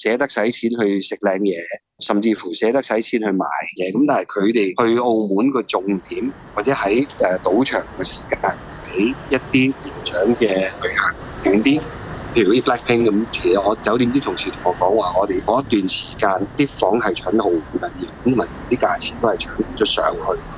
捨得使錢去食靚嘢，甚至乎捨得使錢去買嘢。咁但係佢哋去澳門個重點，或者喺誒賭場嘅時間，一一比一啲年長嘅旅行遠啲。譬如 Blackpink 咁，其實我酒店啲同事同我講話，我哋嗰一段時間啲房係搶得好緊要，咁啊啲價錢都係搶咗上去。